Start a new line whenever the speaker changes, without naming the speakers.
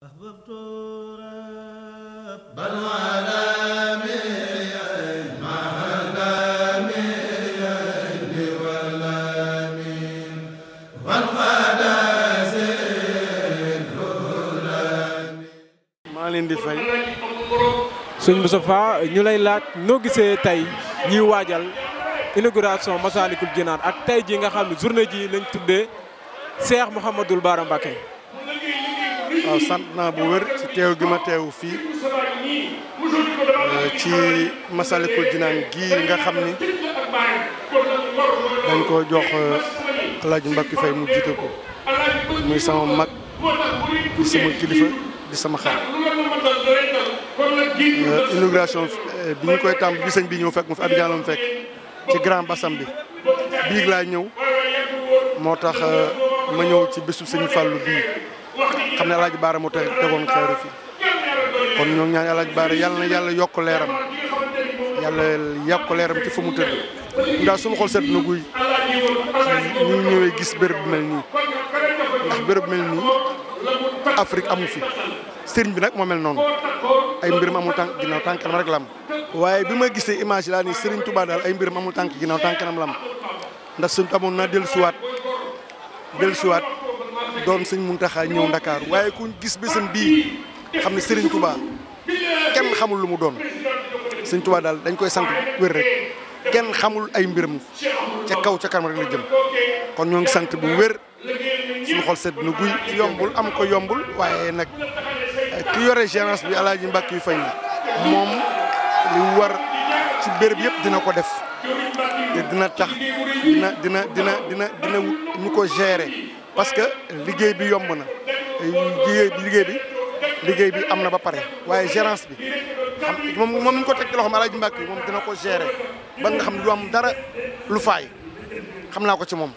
di fay sëñ Moustapha ñu lay laaj noo gisee tey ñuy waajal inauguration Massalikul Jinaan ak tey ji nga xam ne journée ji lañ tuddee Cheikh Mouhamadoul Bara Mbacké waaw sant naa bu wér ci teew gi ma teew fii euh, ci Masalikul Jinaan gii nga xam ni dañ ko jox euh, Alaaji Mbàkke Fay mu jiite ko muy sama mag di sama kilifa di sama xar euh, inauguration bi ñu koy tàmb bi sëñ bi ñëw fekk mu fi Abidjan la mu fekk ci Grand Bassam bi biig laa ñëw moo tax ma ñëw ci bésu sëñ Fàllu bii xam ne alaaj baara mu te tegoon xeeru fi kon ñoo ñaan alaaj baara yàlla na yàlla yokk leeram yàlla yokk leeram ci fa mu tëdd ñu daal suñu xol set na guy ñëwee gis bërëb mel nii ndax bërëb mel nii Afrique amu fi sëriñ bi nag moo mel noonu ay mbiram amul tànk ginnaaw tànk kanam rek lam am waaye bi ma gisee image laa ni Serigne Touba daal ay mbiram amul tànk ginnaaw tànk kanam la am ndax suñ tamoon naa dellu suwaat dellusiwaat doon sëñ Muntaxa ñëw Ndakaaru waaye ku gis bésam bii xam ne sëriñ Touba kenn xamul lu mu doon sëñ Touba daal dañ koy sant wér rek kenn xamul ay mbiram ca kaw ca kanam rek la jëm kon ñoo ngi sant bu wér suñu xol sedd na guy yombul am ko yombul waaye nag ki yore gérance bi Alaaji Mbàkke yu fay moom li war. ci béréb yëpp dina ko def dina tax dina dina dina dina ñu ko gérer parce que liggéey bi yomb na liggéey bi liggéey bi liggéey bi am na ba pare waaye gérance bi xam moom moom ñu ko teg ci loxoom Alaaji Mbàkke moom dina ko gérer ba nga xam ne du am dara lu faay xam naa ko ci moom.